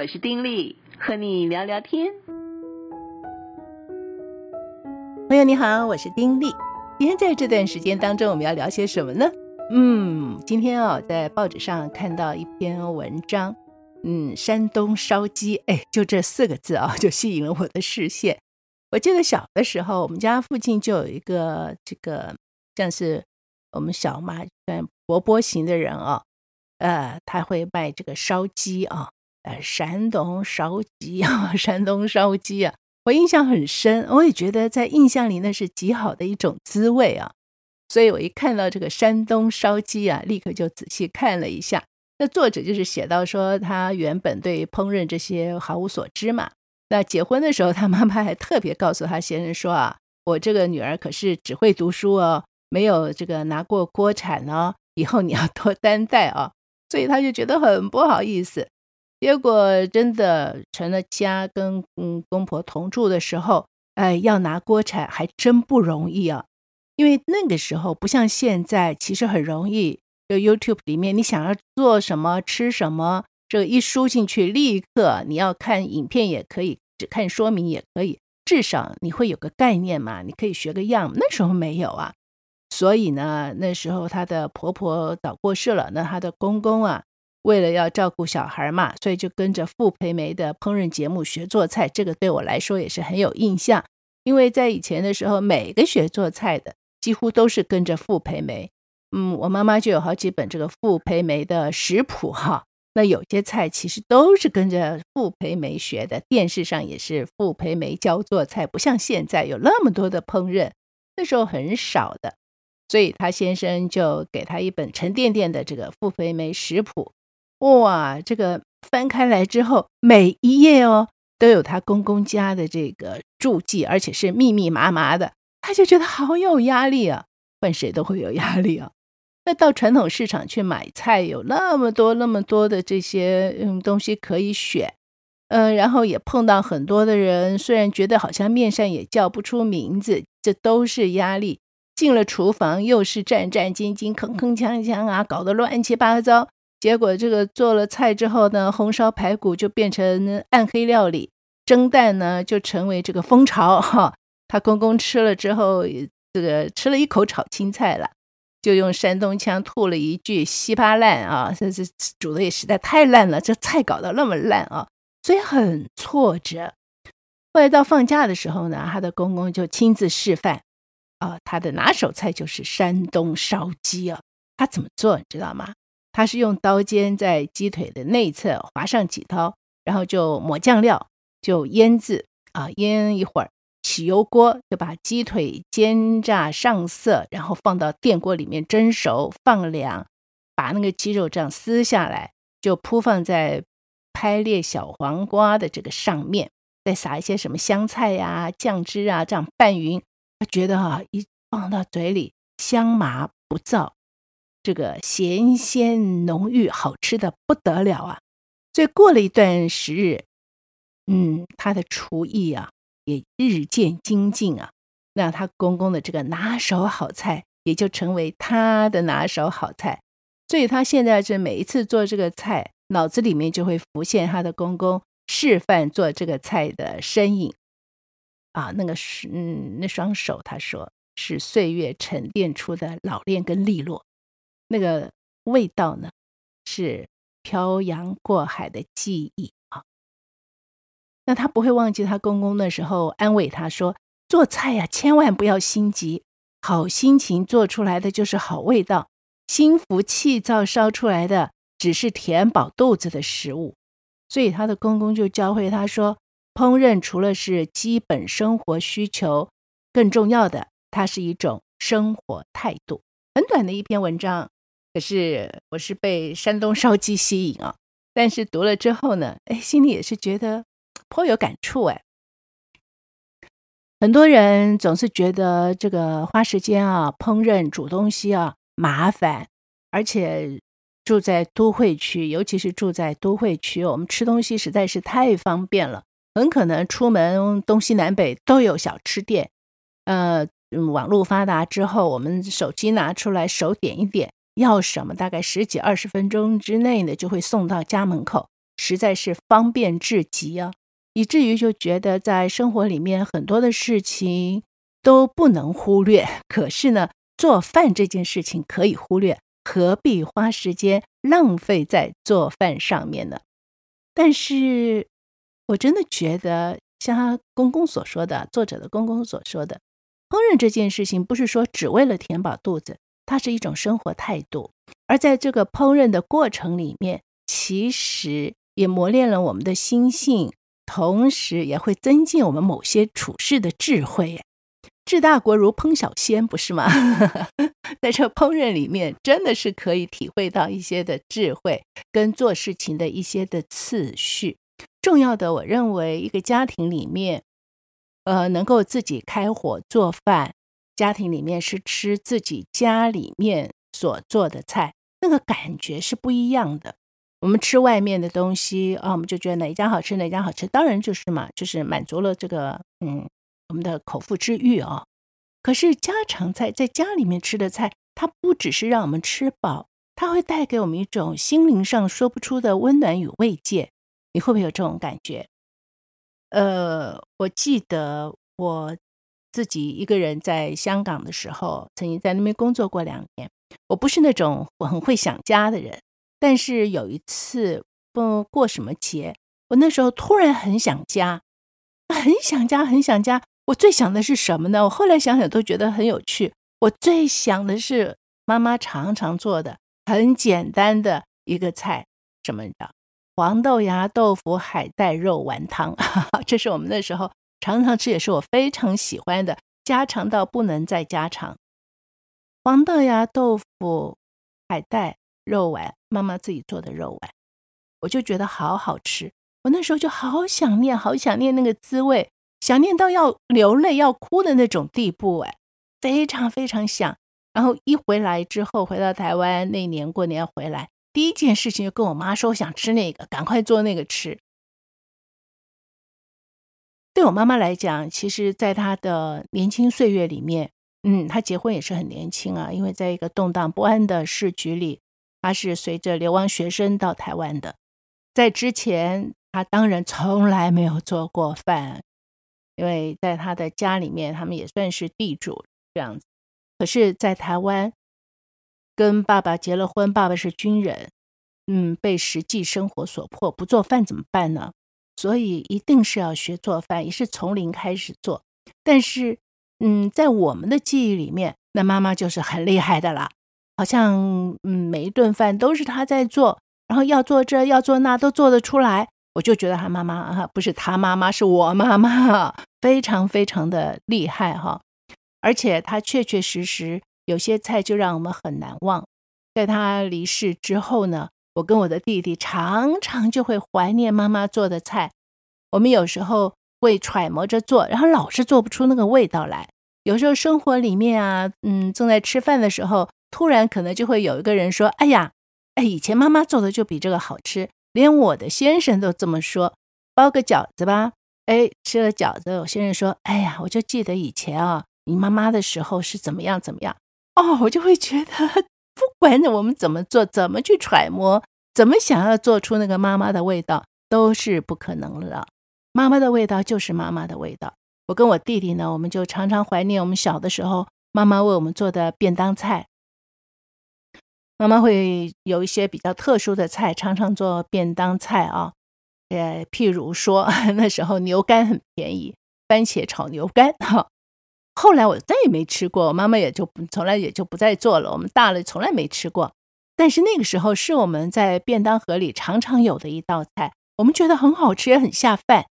我是丁莉，和你聊聊天。朋友你好，我是丁莉。今天在這段時間當中，我們要聊些什麼呢？嗯，今天啊，在報紙上看到一篇文章，嗯，山東燒雞，誒、哎，就這四個字啊，就吸引了我的視線。我記得小的時候，我們家附近就有一個這個像是我們小馬圈波波型的人啊，呃，他會賣這個燒雞啊。呃，山東燒雞啊，山東燒雞啊，我印象很深，我也覺得在印象裡那是極好的一種滋味啊。所以我一看到這個山東燒雞啊，立刻就仔細看了一下。那作者就是寫到說，他原本對烹飪這些毫無所知嘛。那結婚的時候，他媽媽還特別告訴他先生說啊，我這個女兒可是只會讀書哦，沒有這個拿過鍋鏟哦，以後你要多擔待哦，所以他就覺得很不好意思。結果真的成了家，跟嗯公婆同住的時候，哎，要拿鍋鏟還真不容易啊。因為那個時候不像現在，其實很容易。就 YouTube 裡面，你想要做什麼、吃什麼，這一輸進去，立刻你要看影片也可以，只看說明也可以。至少你會有個概念嘛，你可以學個樣。那時候沒有啊，所以呢，那時候她的婆婆早過世了，那她的公公啊。為了要照顧小孩嘛，所以就跟着傅培梅的烹飪節目學做菜。這個對我來說也是很有印象，因為在以前的時候，每個學做菜的幾乎都是跟着傅培梅。嗯，我媽媽就有好幾本這個傅培梅的食譜哈。那有些菜其實都是跟着傅培梅學的。電視上也是傅培梅教做菜，不像現在有那麼多的烹飪，那時候很少的。所以她先生就給她一本沉甸甸的這個傅培梅食譜。哇，這個翻開來之後，每一頁哦都有他公公家的這個註記，而且是密密麻麻的，他就覺得好有壓力啊！問誰都會有壓力啊。那到傳統市場去買菜，有那麼多那麼多的這些嗯東西可以選，嗯、呃，然後也碰到很多的人，雖然覺得好像面上也叫不出名字，這都是壓力。進了廚房又是戰戰兢兢、鏗鏗鏘鏘啊，搞得亂七八糟。結果這個做了菜之後呢，紅燒排骨就變成暗黑料理，蒸蛋呢就成為這個蜂巢。哈、啊。她公公吃了之後，這個吃了一口炒青菜了，就用山東腔吐了一句“稀巴爛啊”，這這煮的也實在太爛了，這菜搞得那麼爛啊，所以很挫折。後來到放假的時候呢，她的公公就親自示範啊，他的拿手菜就是山東燒雞啊，他怎麼做你知道嗎？他是用刀尖在雞腿的內側劃上幾刀，然後就抹醬料，就醃製啊，醃一會兒，起油鍋就把雞腿煎炸上色，然後放到電鍋裡面蒸熟，放涼，把那個雞肉這樣撕下來，就鋪放在拍裂小黃瓜的這個上面，再撒一些什麼香菜呀、啊、醬汁啊，這樣拌勻。他覺得哈、啊，一放到嘴裡，香麻不燥。這個鹹鮮濃郁，好吃的不得了啊！所以過了一段時日，嗯，他的廚藝啊也日漸精進啊，那他公公的這個拿手好菜也就成為他的拿手好菜。所以他現在是每一次做這個菜，腦子裡面就會浮現他的公公示範做這個菜的身影啊，那個是嗯，那雙手，他說是歲月沉澱出的老練跟利落。那個味道呢，是漂洋過海的記憶啊。那他不會忘記他公公的時候安慰他說：“做菜呀、啊，千萬不要心急，好心情做出來的就是好味道，心浮氣躁燒出來的只是填飽肚子的食物。”所以他的公公就教會他說：“烹飪除了是基本生活需求，更重要的，它是一種生活態度。”很短的一篇文章。是，我是被山東燒雞吸引啊！但是讀了之後呢，哎，心裡也是覺得頗有感觸。哎，很多人總是覺得這個花時間啊，烹飪煮東西啊麻煩，而且住在都會區，尤其是住在都會區，我們吃東西實在是太方便了。很可能出門東西南北都有小吃店。呃，網路發達之後，我們手機拿出來，手點一點。要什麼？大概十幾二十分鐘之內呢，就會送到家門口，實在是方便至極哦！以至於就覺得在生活裡面很多的事情都不能忽略，可是呢，做飯這件事情可以忽略，何必花時間浪費在做飯上面呢？但是，我真的覺得，像她公公所說的，作者的公公所說的，烹飪這件事情不是說只為了填飽肚子。它是一種生活態度，而在這個烹飪的過程裡面，其實也磨練了我們的心性，同時也會增進我們某些處事的智慧。治大國如烹小鮮，不是嗎？ 在這烹飪裡面，真的是可以體會到一些的智慧跟做事情的一些的次序。重要的，我認為一個家庭裡面，呃，能夠自己開火做飯。家庭裡面是吃自己家裡面所做的菜，那個感覺是不一樣的。我們吃外面的東西啊，我們就覺得哪一家好吃，哪一家好吃。當然就是嘛，就是滿足了這個嗯，我們的口腹之欲哦。可是家常菜，在家裡面吃的菜，它不只是讓我們吃飽，它會帶給我們一種心靈上說不出的溫暖與慰藉。你會不會有這種感覺？呃，我記得我。自己一個人在香港的時候，曾經在那邊工作過兩年。我不是那種我很會想家的人，但是有一次不過什麼節，我那時候突然很想家，很想家，很想家，很想家。我最想的是什麼呢？我後來想想都覺得很有趣。我最想的是媽媽常常做的很簡單的一個菜，什麼的黃豆芽、豆腐、海帶、肉丸湯。 這是我們那時候。常常吃也是我非常喜歡的，家常到不能再家常。黃豆芽、豆腐、海帶、肉丸，媽媽自己做的肉丸，我就覺得好好吃。我那時候就好想念，好想念那個滋味，想念到要流淚、要哭的那種地步哎，非常非常想。然後一回來之後，回到台灣，那年過年回來，第一件事情就跟我媽說，我想吃那個，趕快做那個吃。對我媽媽來講，其實，在她的年輕歲月裡面，嗯，她結婚也是很年輕啊。因為在一個動盪不安的時局裡，她是隨着流亡學生到台灣的。在之前，她當然從來沒有做過飯，因為在她的家裡面，他們也算是地主這樣子。可是，在台灣跟爸爸結了婚，爸爸是軍人，嗯，被實際生活所迫，不做飯怎麼辦呢？所以一定是要學做飯，也是從零開始做。但是，嗯，在我們的記憶裡面，那媽媽就是很厲害的了，好像嗯，每一頓飯都是她在做，然後要做這要做那都做得出來。我就覺得她媽媽啊，不是她媽媽，是我媽媽，非常非常的厲害哈。而且她確確實實有些菜就讓我們很難忘。在她離世之後呢，我跟我的弟弟常常就會懷念媽媽做的菜，我們有時候會揣摩着做，然後老是做不出那個味道來。有時候生活裡面啊，嗯，正在吃飯的時候，突然可能就會有一個人說：“哎呀，哎，以前媽媽做的就比這個好吃。”連我的先生都這麼說，包個餃子吧。哎，吃了餃子，我先生說：“哎呀，我就記得以前啊，你媽媽的時候是怎麼樣怎麼樣。”哦，我就會覺得。反正我們怎麼做，怎麼去揣摩，怎麼想要做出那個媽媽的味道，都是不可能了。媽媽的味道就是媽媽的味道。我跟我弟弟呢，我們就常常懷念我們小的時候，媽媽為我們做的便當菜。媽媽會有一些比較特殊的菜，常常做便當菜啊。呃，譬如說那時候牛肝很便宜，番茄炒牛肝哈。後來我再也沒吃過，我媽媽也就從來也就不再做了。我們大了，從來沒吃過。但是那個時候是我們在便當盒裡常常有的一道菜，我們覺得很好吃，也很下飯。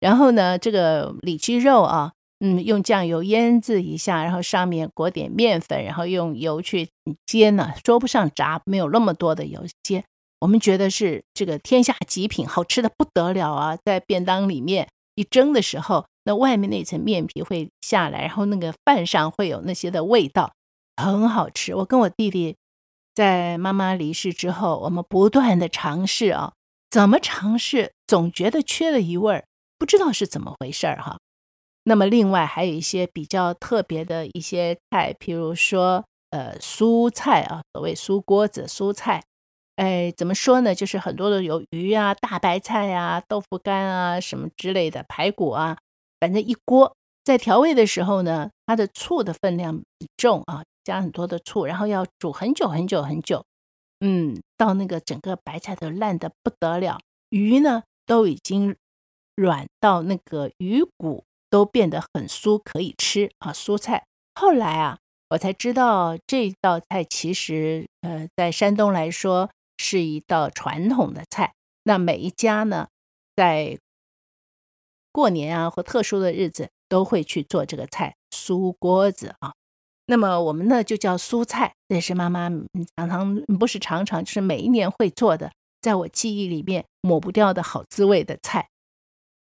然後呢，這個里脊肉啊，嗯，用醬油醃制一下，然後上面裹點麵粉，然後用油去煎呢、啊，說不上炸，沒有那麼多的油煎。我們覺得是這個天下極品，好吃的不得了啊！在便當裡面一蒸的時候。那外面那層面皮會下來，然後那個飯上會有那些的味道，很好吃。我跟我弟弟在媽媽離世之後，我們不斷的嘗試啊，怎麼嘗試，總覺得缺了一味兒，不知道是怎麼回事兒、啊、哈。那麼另外還有一些比較特別的一些菜，譬如說呃酥菜啊，所謂“酥鍋子”酥菜，哎，怎麼說呢？就是很多的有魚啊、大白菜啊、豆腐乾啊什麼之類的，排骨啊。反正一鍋，在調味的時候呢，它的醋的分量很重啊，加很多的醋，然後要煮很久很久很久，嗯，到那個整個白菜都爛得不得了，魚呢都已經軟到那個魚骨都變得很酥，可以吃啊。蔬菜後來啊，我才知道這道菜其實呃，在山東來說是一道傳統的菜。那每一家呢，在過年啊，或特殊的日子，都會去做這個菜，酥鍋子啊。那麼我們呢就叫酥菜，也是媽媽常常不是常常，就是每一年會做的，在我記憶裡面抹不掉的好滋味的菜。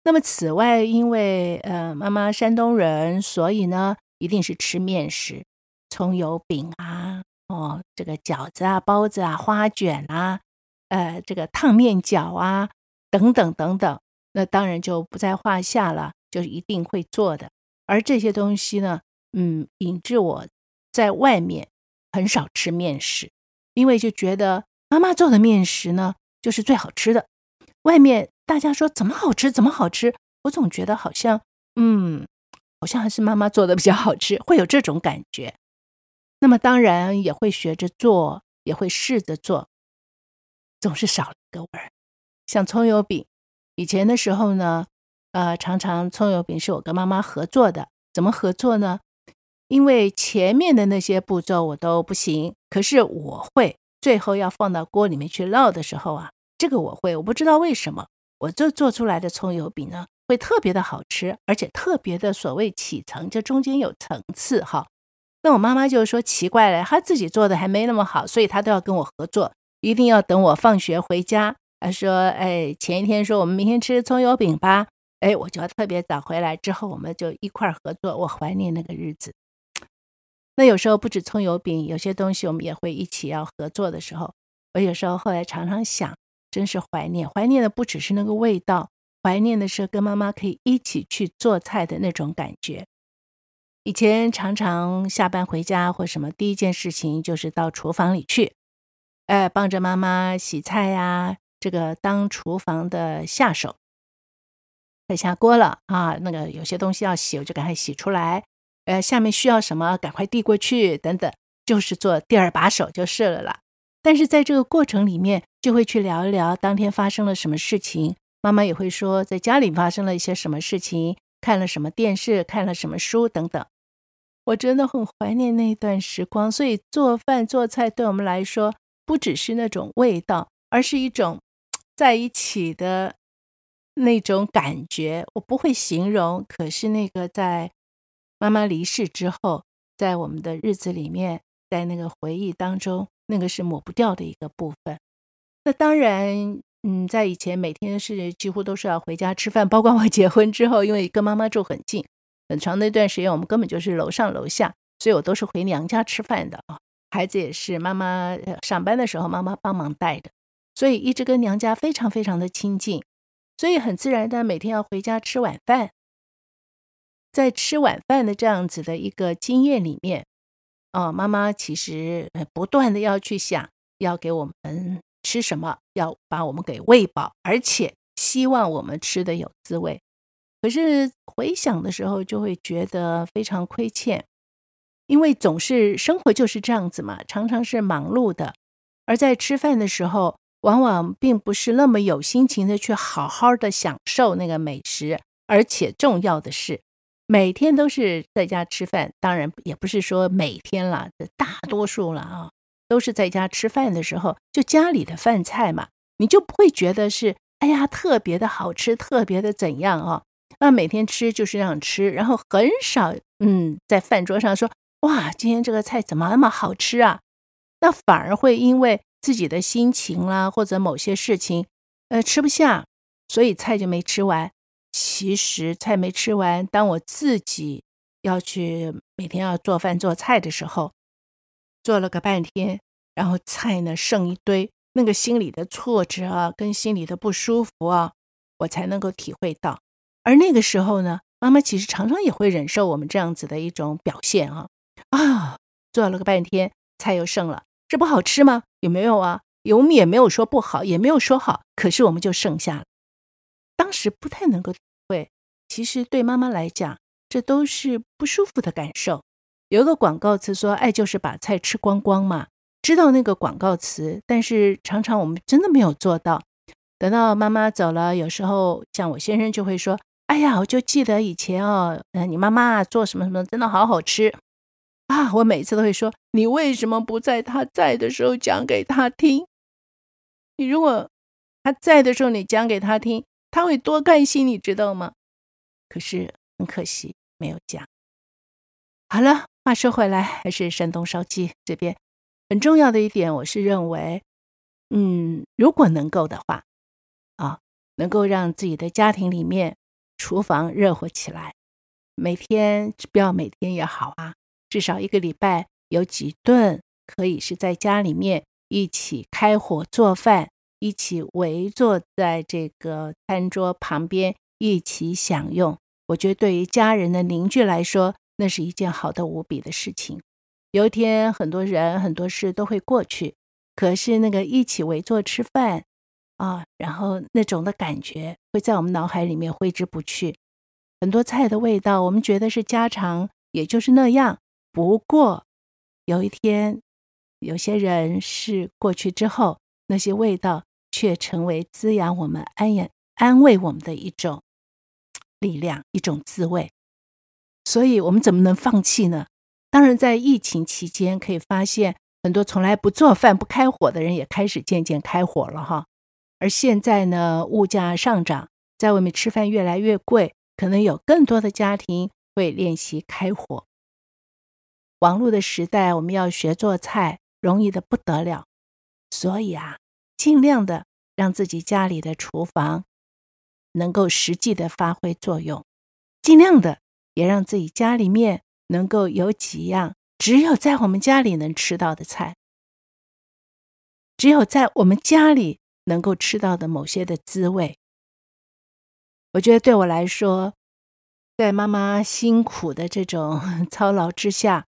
那麼此外，因為呃媽媽山東人，所以呢一定是吃麵食，蔥油餅啊，哦這個餃子啊、包子啊、花卷啊，呃這個燙麵餃啊等等等等。那當然就不在話下了，就是一定會做的。而這些東西呢，嗯，引致我在外面很少吃麵食，因為就覺得媽媽做的麵食呢就是最好吃的。外面大家說怎麼好吃，怎麼好吃，我總覺得好像，嗯，好像還是媽媽做的比較好吃，會有這種感覺。那麼當然也會學着做，也會試着做，總是少了一個味兒，像蔥油餅。以前的時候呢，呃，常常蔥油餅是我跟媽媽合作的。怎麼合作呢？因為前面的那些步驟我都不行，可是我會，最後要放到鍋裡面去烙的時候啊，這個我會。我不知道為什麼我這做出來的蔥油餅呢會特別的好吃，而且特別的所謂起層，這中間有層次哈。那我媽媽就說奇怪了，她自己做的還沒那麼好，所以她都要跟我合作，一定要等我放學回家。他說：“哎，前一天說我們明天吃蔥油餅吧。哎，我就要特別早回來，之後我們就一塊合作。我懷念那個日子。那有時候不止蔥油餅，有些東西我們也會一起要合作的時候。我有時候後來常常想，真是懷念，懷念的不只是那個味道，懷念的是跟媽媽可以一起去做菜的那種感覺。以前常常下班回家或什麼，第一件事情就是到廚房裡去，哎，幫着媽媽洗菜呀、啊。”這個當廚房的下手，該下鍋了啊，那個有些東西要洗，我就趕快洗出來。呃，下面需要什麼，趕快遞過去，等等，就是做第二把手就是了啦。但是在這個過程裡面，就會去聊一聊當天發生了什麼事情。媽媽也會說在家裡發生了一些什麼事情，看了什麼電視，看了什麼書，等等。我真的很懷念那段時光，所以做飯做菜對我們來說，不只是那種味道，而是一種。在一起的那種感覺，我不會形容。可是那個在媽媽離世之後，在我們的日子裡面，在那個回憶當中，那個是抹不掉的一個部分。那當然，嗯，在以前每天是幾乎都是要回家吃飯，包括我結婚之後，因為跟媽媽住很近，很長的一段時間我們根本就是樓上樓下，所以我都是回娘家吃飯的啊。孩子也是，媽媽上班的時候，媽媽幫忙帶的。所以一直跟娘家非常非常的親近，所以很自然的每天要回家吃晚飯。在吃晚飯的這樣子的一個經驗裡面，哦，媽媽其實不斷的要去想，要給我們吃什麼，要把我們給餵飽，而且希望我們吃得有滋味。可是回想的時候，就會覺得非常虧欠，因為總是生活就是這樣子嘛，常常是忙碌的，而在吃飯的時候，往往並不是那麼有心情的去好好的享受那個美食，而且重要的是，每天都是在家吃飯，當然也不是說每天了，大多數了啊、哦，都是在家吃飯的時候，就家裡的飯菜嘛，你就不會覺得是哎呀特別的好吃，特別的怎樣啊、哦？那每天吃就是這樣吃，然後很少嗯在飯桌上說哇，今天這個菜怎麼那麼好吃啊？那反而會因為自己的心情啦、啊，或者某些事情，呃，吃不下，所以菜就沒吃完。其實菜沒吃完，當我自己要去每天要做飯做菜的時候，做了個半天，然後菜呢剩一堆，那個心裡的挫折啊，跟心裡的不舒服啊，我才能夠體會到。而那個時候呢，媽媽其實常常也會忍受我們這樣子的一種表現啊啊，做了個半天，菜又剩了。這不好吃嗎？有沒有啊？有，我們也沒有說不好，也沒有說好，可是我們就剩下了。當時不太能夠體會，其實對媽媽來講，這都是不舒服的感受。有一個廣告詞說：“愛就是把菜吃光光嘛。”知道那個廣告詞，但是常常我們真的沒有做到。等到媽媽走了，有時候像我先生就會說：“哎呀，我就記得以前哦，嗯，你媽媽做什麼什麼真的好好吃。”啊！我每次都會說，你為什麼不在他在的時候講給他聽？你如果他在的時候你講給他聽，他會多開心，你知道嗎？可是很可惜，沒有講。好了，話說回來，還是山東燒雞這邊很重要的一點，我是認為，嗯，如果能夠的話，啊，能夠讓自己的家庭裡面廚房熱乎起來，每天，不要每天也好啊。至少一個禮拜有幾頓可以是在家裡面一起開火做飯，一起圍坐在這個餐桌旁邊一起享用。我覺得對於家人的凝聚來說，那是一件好得無比的事情。有一天，很多人很多事都會過去，可是那個一起圍坐吃飯啊，然後那種的感覺會在我們腦海裡面揮之不去。很多菜的味道，我們覺得是家常，也就是那樣。不過，有一天，有些人是過去之後，那些味道卻成為滋養我們、安養，安慰我們的一種力量，一種滋味。所以，我們怎麼能放棄呢？當然，在疫情期間，可以發現很多從來不做飯、不開火的人也開始漸漸開火了哈。而現在呢，物價上漲，在外面吃飯越來越貴，可能有更多的家庭會練習開火。忙碌的時代，我們要學做菜，容易的不得了。所以啊，盡量的讓自己家裡的廚房能夠實際的發揮作用，盡量的也讓自己家裡面能夠有幾樣只有在我們家裡能吃到的菜，只有在我們家裡能夠吃到的某些的滋味。我覺得對我來說，在媽媽辛苦的這種 操勞之下。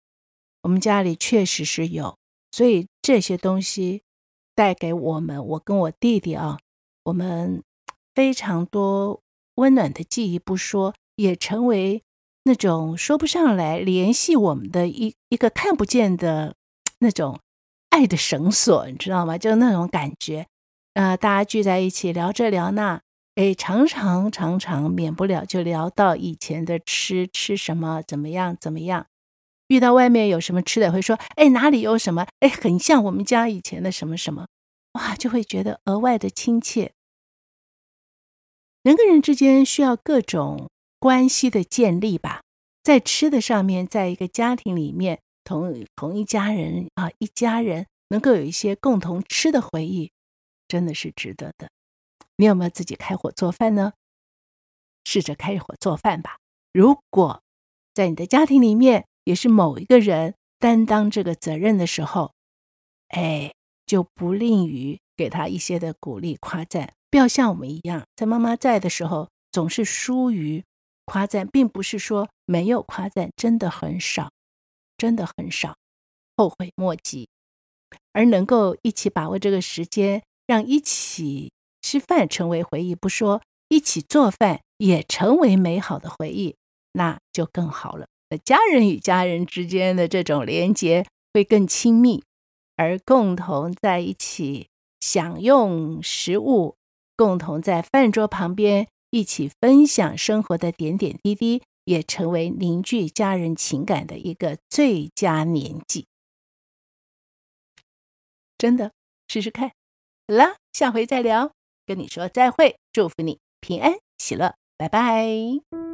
我們家裡確實是有，所以這些東西帶給我們，我跟我弟弟啊，我們非常多溫暖的記憶不說，也成為那種說不上來聯繫我們的一一個看不見的那種愛的繩索，你知道嗎？就那種感覺，啊、呃，大家聚在一起聊這聊那，哎，常常常常免不了就聊到以前的吃吃什麼怎麼樣怎麼樣。遇到外面有什麼吃的，會說，哎，哪裡有什麼？哎，很像我們家以前的什麼什麼，哇，就會覺得額外的親切。人跟人之間需要各種關係的建立吧，在吃的上面，在一個家庭裡面，同同一家人啊，一家人能夠有一些共同吃的回憶，真的是值得的。你有沒有自己開火做飯呢？試着開火做飯吧。如果在你的家庭裡面，也是某一個人擔當這個責任的時候，哎，就不吝於給他一些的鼓勵、誇讚。不要像我們一樣，在媽媽在的時候，總是疏於誇讚，並不是說沒有誇讚，真的很少，真的很少，後悔莫及。而能夠一起把握這個時間，讓一起吃飯成為回憶，不說一起做飯也成為美好的回憶，那就更好了。家人與家人之間的這種連結會更親密，而共同在一起享用食物，共同在飯桌旁邊一起分享生活的點點滴滴，也成為凝聚家人情感的一個最佳年紀。真的，試試看。好啦，下迴再聊。跟你說再會，祝福你平安喜樂，拜拜。